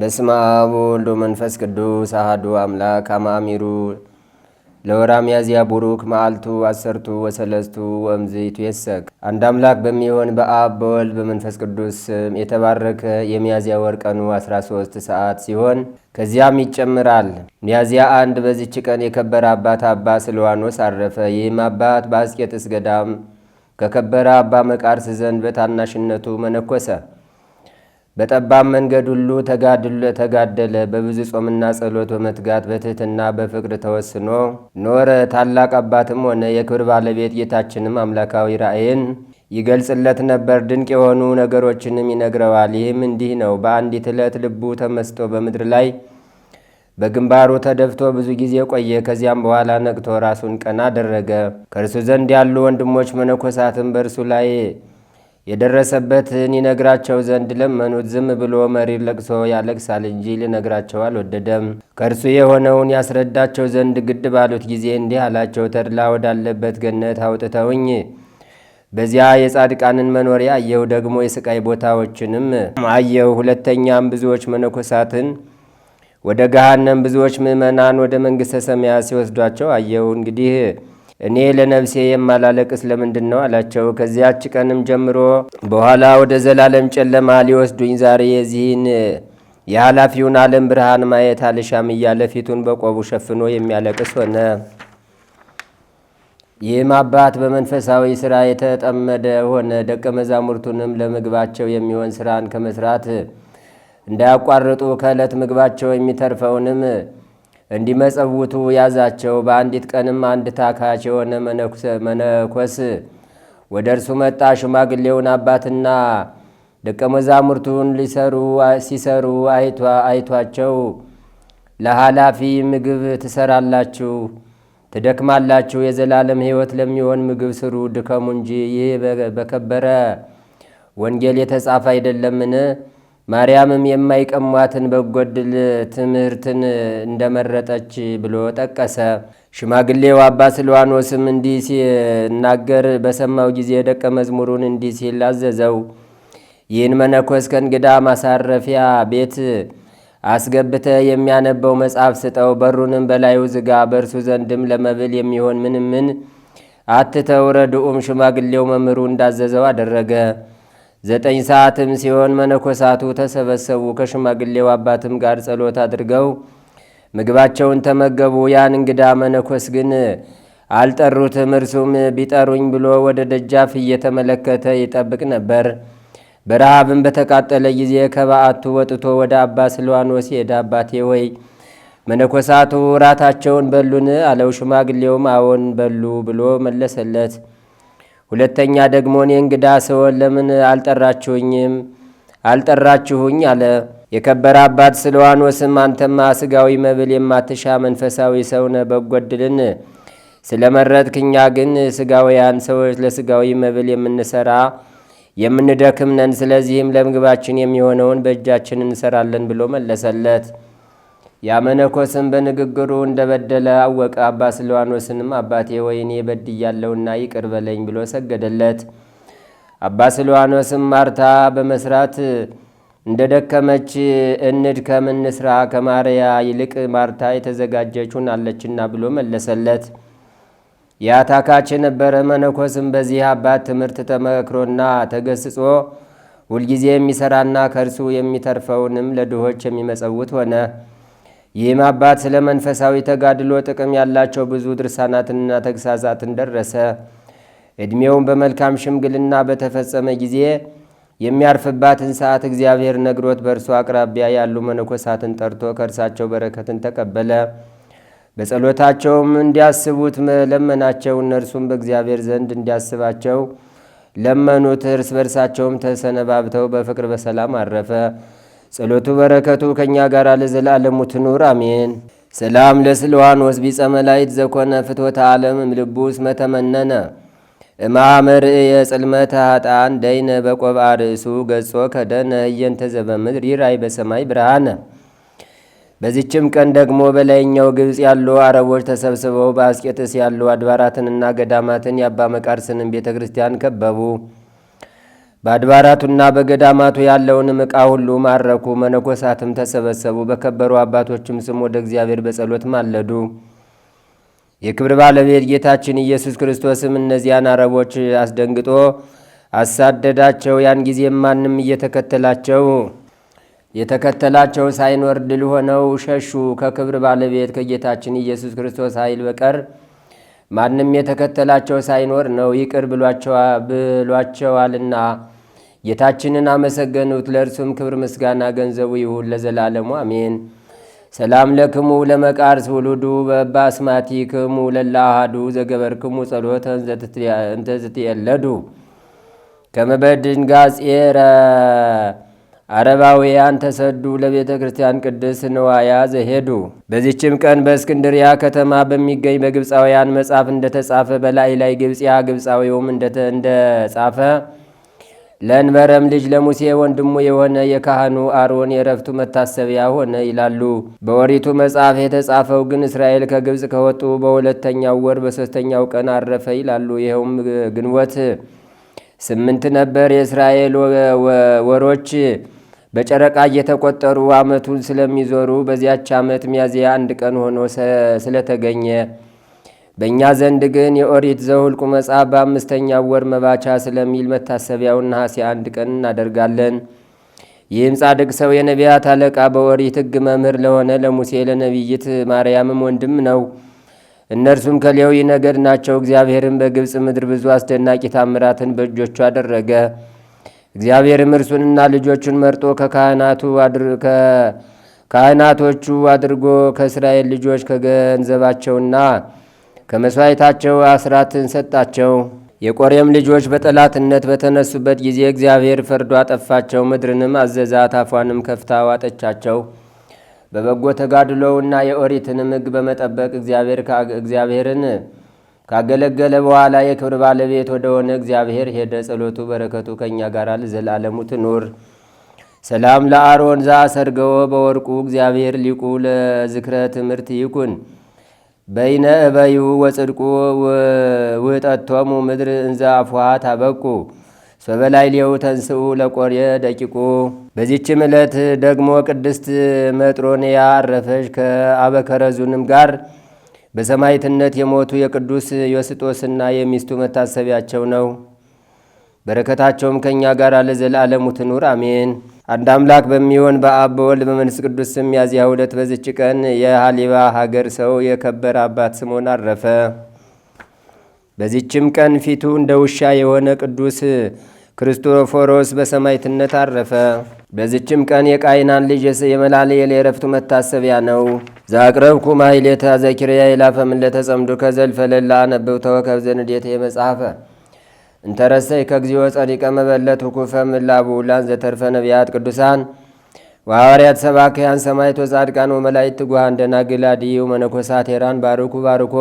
በስመ አብ ወወልድ ቅዱስ አህዱ አምላክ አማሚሩ ለወራ ሚያዝያ ቡሩክ መዓልቱ አሰርቱ ወሰለስቱ ወእምዝይቱ የሰክ አንድ አምላክ በሚሆን በአብ በወልድ በመንፈስ ቅዱስ ስም የተባረከ የሚያዝያ ወር ቀኑ 13 ሰዓት ሲሆን ከዚያም ይጨምራል። ሚያዝያ አንድ በዚች ቀን የከበረ አባት አባ ስልዋኖስ አረፈ። ይህም አባት በአስቄጥስ ገዳም ከከበረ አባ መቃርስ ዘንድ በታናሽነቱ መነኮሰ። በጠባብ መንገድ ሁሉ ተጋደለ። በብዙ ጾምና ጸሎት በመትጋት በትሕትና በፍቅር ተወስኖ ኖረ። ታላቅ አባትም ሆነ። የክብር ባለቤት ጌታችንም አምላካዊ ራእይን ይገልጽለት ነበር፣ ድንቅ የሆኑ ነገሮችንም ይነግረዋል። ይህም እንዲህ ነው። በአንዲት ዕለት ልቡ ተመስጦ በምድር ላይ በግንባሩ ተደፍቶ ብዙ ጊዜ ቆየ። ከዚያም በኋላ ነቅቶ ራሱን ቀና አደረገ። ከእርሱ ዘንድ ያሉ ወንድሞች መነኮሳትም በእርሱ ላይ የደረሰበትን ይነግራቸው ዘንድ ለመኑት። ዝም ብሎ መሪር ለቅሶ ያለቅሳል እንጂ ሊነግራቸው አልወደደም። ከእርሱ የሆነውን ያስረዳቸው ዘንድ ግድ ባሉት ጊዜ እንዲህ አላቸው፣ ተድላ ወዳለበት ገነት አውጥተውኝ በዚያ የጻድቃንን መኖሪያ አየሁ፣ ደግሞ የስቃይ ቦታዎችንም አየሁ። ሁለተኛም ብዙዎች መነኮሳትን ወደ ገሃነም ብዙዎች ምዕመናን ወደ መንግሥተ ሰማያት ሲወስዷቸው አየሁ። እንግዲህ እኔ ለነፍሴ የማላለቅስ ለምንድን ነው አላቸው። ከዚያች ቀንም ጀምሮ በኋላ ወደ ዘላለም ጨለማ ሊወስዱኝ ዛሬ የዚህን የኃላፊውን ዓለም ብርሃን ማየት አልሻም እያለ ፊቱን በቆቡ ሸፍኖ የሚያለቅስ ሆነ። ይህም አባት በመንፈሳዊ ሥራ የተጠመደ ሆነ። ደቀ መዛሙርቱንም ለምግባቸው የሚሆን ሥራን ከመስራት እንዳያቋርጡ ከዕለት ምግባቸው የሚተርፈውንም እንዲመጸውቱ ያዛቸው። በአንዲት ቀንም አንድ ታካች የሆነ መነኮስ ወደ እርሱ መጣ። ሽማግሌውን አባትና ደቀ መዛሙርቱን ሊሰሩ ሲሰሩ አይቷቸው ለኃላፊ ምግብ ትሰራላችሁ፣ ትደክማላችሁ። የዘላለም ሕይወት ለሚሆን ምግብ ስሩ፣ ድከሙ እንጂ ይህ በከበረ ወንጌል የተጻፈ አይደለምን? ማርያምም የማይቀሟትን በጎድል ትምህርትን እንደመረጠች ብሎ ጠቀሰ። ሽማግሌው አባ ስልዋኖስም እንዲህ ሲናገር በሰማው ጊዜ ደቀ መዝሙሩን እንዲህ ሲል አዘዘው፣ ይህን መነኮስ ከእንግዳ ማሳረፊያ ቤት አስገብተ የሚያነበው መጽሐፍ ስጠው፣ በሩንም በላዩ ዝጋ፣ በእርሱ ዘንድም ለመብል የሚሆን ምንምን ምን አትተው። ረድኡም ሽማግሌው መምህሩ እንዳዘዘው አደረገ። ዘጠኝ ሰዓትም ሲሆን መነኮሳቱ ተሰበሰቡ። ከሽማግሌው አባትም ጋር ጸሎት አድርገው ምግባቸውን ተመገቡ። ያን እንግዳ መነኮስ ግን አልጠሩትም። እርሱም ቢጠሩኝ ብሎ ወደ ደጃፍ እየተመለከተ ይጠብቅ ነበር። በረሃብም በተቃጠለ ጊዜ ከበዓቱ ወጥቶ ወደ አባ ስልዋኖስ ሄደ። አባቴ ወይ መነኮሳቱ ራታቸውን በሉን? አለው። ሽማግሌውም አዎን በሉ ብሎ መለሰለት። ሁለተኛ ደግሞ እኔ እንግዳ ስሆን ለምን አልጠራችሁኝም አልጠራችሁኝ አለ። የከበረ አባት ስልዋኖስም አንተማ ስጋዊ መብል የማትሻ መንፈሳዊ ሰውነ በጎድልን ስለመረጥክኛ እኛ ግን ስጋውያን ሰዎች ለስጋዊ መብል የምንሰራ የምንደክምነን፣ ስለዚህም ለምግባችን የሚሆነውን በእጃችን እንሰራለን ብሎ መለሰለት። ያመነኮስን በንግግሩ እንደበደለ አወቀ። አባ ስልዋኖስንም አባቴ ወይኔ በድያለሁና ይቅር በለኝ ብሎ ሰገደለት። አባ ስልዋኖስም ማርታ በመስራት እንደ ደከመች እንድ ከምንስራ ከማርያ ይልቅ ማርታ የተዘጋጀች አለችና ብሎ መለሰለት። የአታካች የነበረ መነኮስም በዚህ አባት ትምህርት ተመክሮና ተገስጾ ሁልጊዜ የሚሰራና ከእርሱ የሚተርፈውንም ለድሆች የሚመጸውት ሆነ። ይህም አባት ስለ መንፈሳዊ ተጋድሎ ጥቅም ያላቸው ብዙ ድርሳናትንና ተግሳዛትን ደረሰ። ዕድሜውን በመልካም ሽምግልና በተፈጸመ ጊዜ የሚያርፍባትን ሰዓት እግዚአብሔር ነግሮት በእርሱ አቅራቢያ ያሉ መነኮሳትን ጠርቶ ከእርሳቸው በረከትን ተቀበለ። በጸሎታቸውም እንዲያስቡት ለመናቸው፣ እነርሱም በእግዚአብሔር ዘንድ እንዲያስባቸው ለመኑት። እርስ በርሳቸውም ተሰነባብተው በፍቅር በሰላም አረፈ። ጸሎቱ በረከቱ ከእኛ ጋር ለዘላለሙ ትኑር አሜን። ሰላም ለስልዋን ወስቢ ጸመላይት ዘኮነ ፍትወተ ዓለም ምልቡስ መተመነነ እማመርእየ የጽልመተ ኃጣን ደይነ በቆብአ ርእሱ ገጾ ከደነ እየንተ ዘበምድር ይራይ በሰማይ ብርሃነ። በዚችም ቀን ደግሞ በላይኛው ግብፅ ያሉ አረቦች ተሰብስበው በአስቄጥስ ያሉ አድባራትንና ገዳማትን የአባ መቃርስንም ቤተ ክርስቲያን ከበቡ። በአድባራቱና በገዳማቱ ያለውንም ዕቃ ሁሉ ማረኩ። መነኮሳትም ተሰበሰቡ፣ በከበሩ አባቶችም ስም ወደ እግዚአብሔር በጸሎት ማለዱ። የክብር ባለቤት ጌታችን ኢየሱስ ክርስቶስም እነዚያን አረቦች አስደንግጦ አሳደዳቸው። ያን ጊዜም ማንም እየተከተላቸው የተከተላቸው ሳይኖር ድል ሆነው ሸሹ። ከክብር ባለቤት ከጌታችን ኢየሱስ ክርስቶስ ኃይል በቀር ማንም የተከተላቸው ሳይኖር ነው፣ ይቅር ብሏቸዋልና ጌታችንን አመሰገኑት። ለእርሱም ክብር ምስጋና ገንዘቡ ይሁን ለዘላለሙ አሜን። ሰላም ለክሙ ለመቃርስ ውሉዱ በባስማቲ ክሙ ለላሃዱ ዘገበር ክሙ ጸሎተ እንተ ከመበድን ጋጼረ አረባውያን ተሰዱ ለቤተ ክርስቲያን ቅድስት ንዋያ ዘሄዱ። በዚችም ቀን በእስክንድሪያ ከተማ በሚገኝ በግብፃውያን መጽሐፍ እንደተጻፈ በላይ ላይ ግብፅያ ግብፃዊውም እንደጻፈ ለእንበረም ልጅ ለሙሴ ወንድሙ የሆነ የካህኑ አሮን የእረፍቱ መታሰቢያ ሆነ ይላሉ። በወሪቱ መጽሐፍ የተጻፈው ግን እስራኤል ከግብፅ ከወጡ በሁለተኛው ወር በሦስተኛው ቀን አረፈ ይላሉ። ይኸውም ግንቦት ስምንት ነበር። የእስራኤል ወሮች በጨረቃ እየተቆጠሩ ዓመቱን ስለሚዞሩ በዚያች ዓመት ሚያዝያ አንድ ቀን ሆኖ ስለተገኘ በእኛ ዘንድ ግን የኦሪት ዘውል መጽሐፍ በአምስተኛው ወር መባቻ ስለሚል መታሰቢያውን ነሐሴ አንድ ቀን እናደርጋለን። ይህም ጻድቅ ሰው የነቢያት አለቃ በኦሪት ሕግ መምህር ለሆነ ለሙሴ ለነቢይት ማርያምም ወንድም ነው። እነርሱም ከሌዊ ነገድ ናቸው። እግዚአብሔርም በግብፅ ምድር ብዙ አስደናቂ ታምራትን በእጆቹ አደረገ። እግዚአብሔርም እርሱንና ልጆቹን መርጦ ከካህናቱ ካህናቶቹ አድርጎ ከእስራኤል ልጆች ከገንዘባቸውና ከመሥዋዕታቸው አስራትን ሰጣቸው። የቆሬም ልጆች በጠላትነት በተነሱበት ጊዜ እግዚአብሔር ፈርዶ አጠፋቸው። ምድርንም አዘዛት፣ አፏንም ከፍታ ዋጠቻቸው። በበጎ ተጋድሎውና የኦሪትንም ሕግ በመጠበቅ እግዚአብሔርን ካገለገለ በኋላ የክብር ባለቤት ወደሆነ እግዚአብሔር ሄደ። ጸሎቱ በረከቱ ከእኛ ጋር ለዘላለሙ ትኑር። ሰላም ለአሮን ሰርገወ በወርቁ እግዚአብሔር ሊቁ ለዝክረ ትምህርት ይኩን በይነ እበዩ ወጽድቁ ውጠቶሙ ምድር እንዘ አፏሃ ታበቁ ሰበላይ ሊው ተንስኡ ለቆሬ ደቂቁ። በዚችም ዕለት ደግሞ ቅድስት መጥሮንያ አረፈች። ከአበከረዙንም ጋር በሰማይትነት የሞቱ የቅዱስ ዮስጦስና የሚስቱ መታሰቢያቸው ነው። በረከታቸውም ከእኛ ጋር ለዘላለሙ ትኑር አሜን። አንድ አምላክ በሚሆን በአብ በወልድ በመንፈስ ቅዱስ ስም ሚያዝያ ሁለት በዚች ቀን የሃሊባ ሀገር ሰው የከበረ አባት ስምዖን አረፈ። በዚችም ቀን ፊቱ እንደ ውሻ የሆነ ቅዱስ ክርስቶፎሮስ በሰማይትነት አረፈ። በዚችም ቀን የቃይናን ልጅ የመላልኤል የዕረፍቱ መታሰቢያ ነው። ዛቅረብኩ ማሕሌተ ዘኪርያ ይላፈምለተ ጸምዱ ከዘልፈለላ ነበብተወ ከብዘንዴተ የመጽሐፈ እንተረሰይ ከእግዚኦ ጸዲቀ መበለት ውኩፈ ምላቡ ላን ዘተርፈ ነቢያት ቅዱሳን ዋዋርያት ሰባከያን ሰማይቶ ጻድቃን ወመላይት ትጉሃን ደናግል ድዩ መነኮሳት ሄራን ባርኩ ባርኮ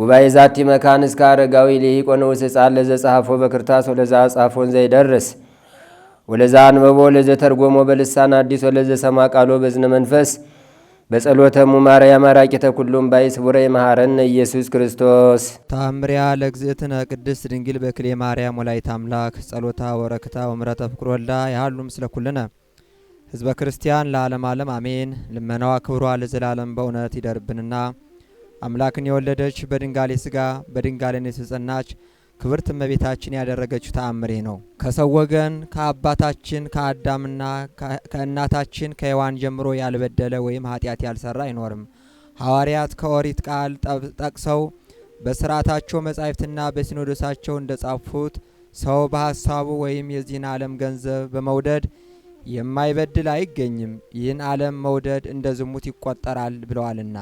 ጉባኤ ዛቲ መካን እስከ አረጋዊ ልሂቆ ንዑስ ሕፃን ለዘ ጸሐፎ በክርታስ ወለዛ ጻፎን ዘይደርስ ወለዛ አንበቦ ለዘ ተርጎሞ በልሳን አዲስ ወለዘ ሰማ ቃሎ በዝነ መንፈስ በጸሎተሙ ማርያም አራቂተ ተኩሉም ባይ ስቡረ መሐረነ ኢየሱስ ክርስቶስ ታምሪያ ለእግዝእትነ ቅድስት ድንግል በክሌ ማርያም ወላይት አምላክ ጸሎታ ወረክታ ወምረተ ፍቅር ወልዳ ያህሉ ምስለ ኩልነ ህዝበ ክርስቲያን ለዓለም ዓለም አሜን። ልመናዋ ክብሯ ለዘላለም በእውነት ይደርብንና አምላክን የወለደች በድንጋሌ ስጋ በድንጋሌ የተጸናች ክብርት እመቤታችን ያደረገችው ተአምሬ ነው። ከሰው ወገን ከአባታችን ከአዳምና ከእናታችን ከሔዋን ጀምሮ ያልበደለ ወይም ኃጢአት ያልሰራ አይኖርም። ሐዋርያት ከኦሪት ቃል ጠቅሰው በስርዓታቸው መጻሕፍትና በሲኖዶሳቸው እንደ ጻፉት ሰው በሐሳቡ ወይም የዚህን ዓለም ገንዘብ በመውደድ የማይበድል አይገኝም፣ ይህን ዓለም መውደድ እንደ ዝሙት ይቆጠራል ብለዋልና።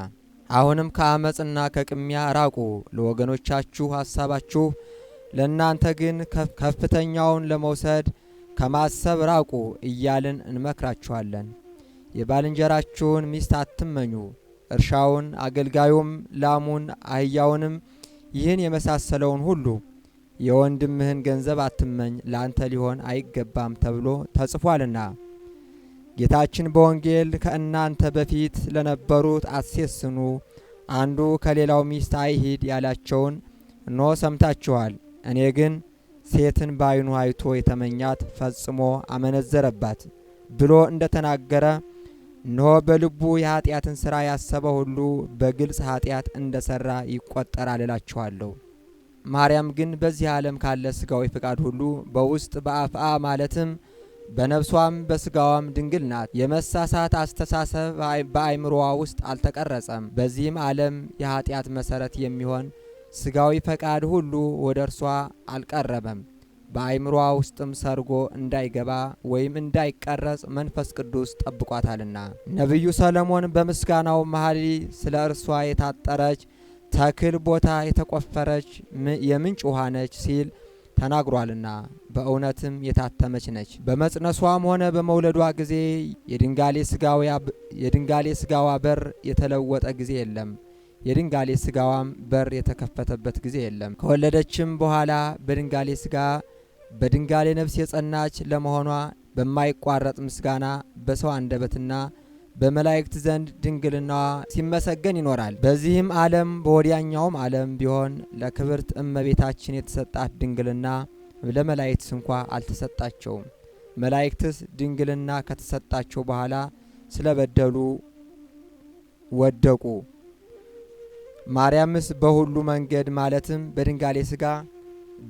አሁንም ከአመፅና ከቅሚያ ራቁ፣ ለወገኖቻችሁ ሐሳባችሁ ለእናንተ ግን ከፍተኛውን ለመውሰድ ከማሰብ ራቁ እያልን እንመክራችኋለን። የባልንጀራችሁን ሚስት አትመኙ። እርሻውን፣ አገልጋዩም፣ ላሙን፣ አህያውንም ይህን የመሳሰለውን ሁሉ የወንድምህን ገንዘብ አትመኝ፣ ለአንተ ሊሆን አይገባም ተብሎ ተጽፏልና። ጌታችን በወንጌል ከእናንተ በፊት ለነበሩት አትሴስኑ፣ አንዱ ከሌላው ሚስት አይሂድ ያላቸውን እነሆ ሰምታችኋል። እኔ ግን ሴትን በዓይኑ አይቶ የተመኛት ፈጽሞ አመነዘረባት ብሎ እንደ ተናገረ እነሆ በልቡ የኃጢአትን ሥራ ያሰበ ሁሉ በግልጽ ኃጢአት እንደ ሠራ ይቆጠራል እላችኋለሁ። ማርያም ግን በዚህ ዓለም ካለ ሥጋዊ ፍቃድ ሁሉ በውስጥ በአፍአ ማለትም በነፍሷም በስጋዋም ድንግል ናት። የመሳሳት አስተሳሰብ በአእምሮዋ ውስጥ አልተቀረጸም። በዚህም ዓለም የኃጢአት መሰረት የሚሆን ስጋዊ ፈቃድ ሁሉ ወደ እርሷ አልቀረበም። በአይምሯ ውስጥም ሰርጎ እንዳይገባ ወይም እንዳይቀረጽ መንፈስ ቅዱስ ጠብቋታልና። ነቢዩ ሰለሞን በምስጋናው መሐሊ ስለ እርሷ የታጠረች ተክል ቦታ የተቆፈረች የምንጭ ውሃ ነች ሲል ተናግሯልና በእውነትም የታተመች ነች። በመጽነሷም ሆነ በመውለዷ ጊዜ የድንጋሌ ስጋዋ በር የተለወጠ ጊዜ የለም። የድንጋሌ ስጋዋም በር የተከፈተበት ጊዜ የለም። ከወለደችም በኋላ በድንጋሌ ስጋ በድንጋሌ ነፍስ የጸናች ለመሆኗ በማይቋረጥ ምስጋና በሰው አንደበትና በመላእክት ዘንድ ድንግልናዋ ሲመሰገን ይኖራል። በዚህም ዓለም በወዲያኛውም ዓለም ቢሆን ለክብርት እመቤታችን የተሰጣት ድንግልና ለመላእክትስ እንኳ አልተሰጣቸውም። መላእክትስ ድንግልና ከተሰጣቸው በኋላ ስለበደሉ ወደቁ። ማርያምስ በሁሉ መንገድ ማለትም በድንጋሌ ስጋ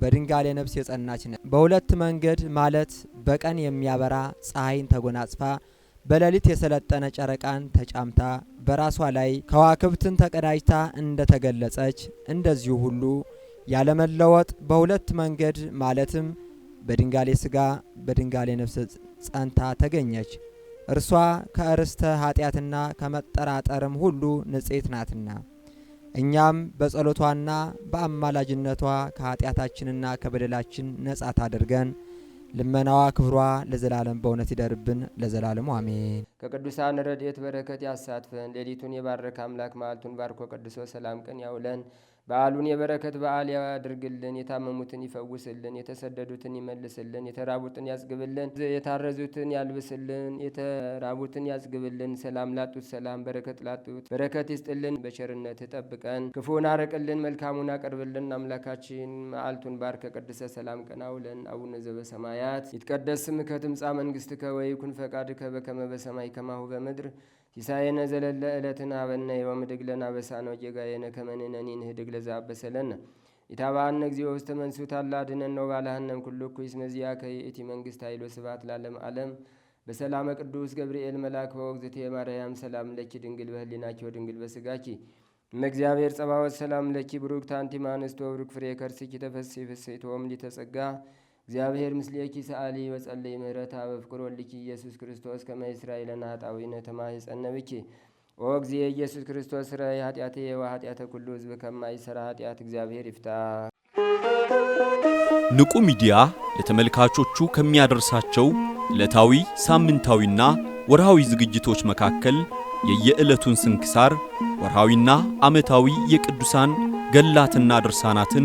በድንጋሌ ነፍስ የጸናች ነ በሁለት መንገድ ማለት በቀን የሚያበራ ፀሐይን ተጎናጽፋ በሌሊት የሰለጠነ ጨረቃን ተጫምታ በራሷ ላይ ከዋክብትን ተቀዳጅታ እንደተገለጸች እንደዚሁ ሁሉ ያለመለወጥ በሁለት መንገድ ማለትም በድንጋሌ ስጋ በድንጋሌ ነፍስ ጸንታ ተገኘች። እርሷ ከእርስተ ኃጢአትና ከመጠራጠርም ሁሉ ንጽሕት ናትና እኛም በጸሎቷና በአማላጅነቷ ከኃጢአታችንና ከበደላችን ነጻ ታደርገን። ልመናዋ ክብሯ ለዘላለም በእውነት ይደርብን ለዘላለሙ አሜን። ከቅዱሳን ረድኤት በረከት ያሳትፈን። ሌሊቱን የባረከ አምላክ መዓልቱን ባርኮ ቀድሶ ሰላም ቀን ያውለን። በዓሉን የበረከት በዓል ያድርግልን። የታመሙትን ይፈውስልን፣ የተሰደዱትን ይመልስልን፣ የተራቡትን ያጽግብልን፣ የታረዙትን ያልብስልን፣ የተራቡትን ያጽግብልን። ሰላም ላጡት ሰላም፣ በረከት ላጡት በረከት ይስጥልን። በቸርነት ጠብቀን፣ ክፉን አርቅልን፣ መልካሙን አቅርብልን። አምላካችን መዓልቱን ባር ከቅድሰ ሰላም ቀን አውለን። አቡነ ዘበሰማያት ይትቀደስ ስምከ ትምጻእ ከወይ ወይኩን ፈቃድከ በከመ በሰማይ ከማሁ በምድር ሲሳየነ ዘለለ ዕለትን አበነ ድግለና በሳነ ወጌጋየነ ከመንነኒ ንህድግ ለዛ በሰለነ ኢታባአነ እግዚኦ ውስተ መንሱት አላድነን ድነኖ ባላህነም ኩሉ እኩ እስመዚያ ከይእቲ መንግስት ኃይሎ ስባት ላለም ዓለም በሰላመ ቅዱስ ገብርኤል መላክ በወግዝቴ የማርያም ሰላም ለኪ ድንግል በህሊናቸው ድንግል በስጋኪ እመእግዚአብሔር ጸባወት ሰላም ለኪ ብሩክ አንቲ እምአንስቶ ብሩክ ፍሬ ከርስኪ ተፈሥሒ ፍሥሕት ሊተጸጋ እግዚአብሔር ምስሌኪ ሰአሊ በጸለይ ምህረታ በፍቅር ወልኪ ኢየሱስ ክርስቶስ ከመ እስራኤልና ኃጣዊ ነተማ የጸነብኪ ኦ እግዜ ኢየሱስ ክርስቶስ ስራይ የዋ ወኃጢአተ ኩሉ ህዝብ ከማይሰራ ኃጢአት እግዚአብሔር ይፍታ። ንቁ ሚዲያ ለተመልካቾቹ ከሚያደርሳቸው ዕለታዊ ሳምንታዊና ወርሃዊ ዝግጅቶች መካከል የየዕለቱን ስንክሳር ወርሃዊና ዓመታዊ የቅዱሳን ገላትና ድርሳናትን